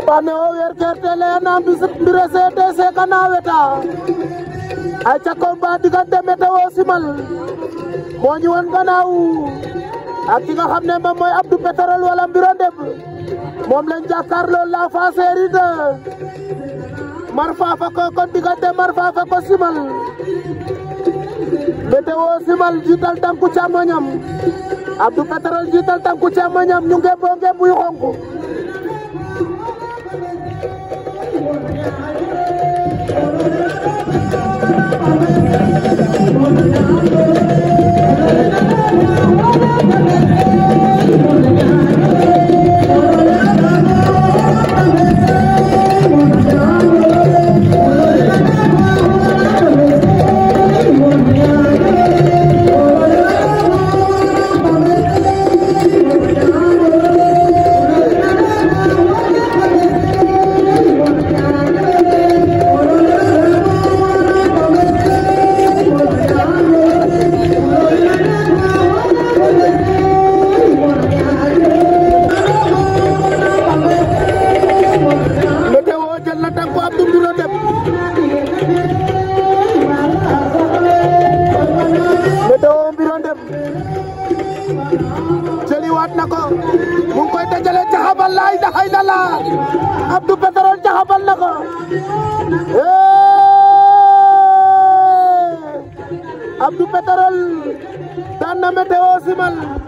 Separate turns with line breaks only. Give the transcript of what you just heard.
Koɓame o werterte leyanam mbire CTC kana weta aca combat diggante Météo Simal moo won gannaaw ak ki xam ne moom mooy Abdou Pétrole wala Mbiro Ndeb moom lañ jàkkaarloo la fa série de Mar Fafa ko kon diggante Mar ko Simal Météo Simal jiital tànku càmmoñam Abdou Pétrole jiital tànku càmmoñam ñu ngemboo ngembuy xonk Thank you.
jëliwaat na ko mu ngi koy dajale caxabal laay daxay na la Abdou Pétrole caxabal na ko
Abdou Pétrole daan na météo
simal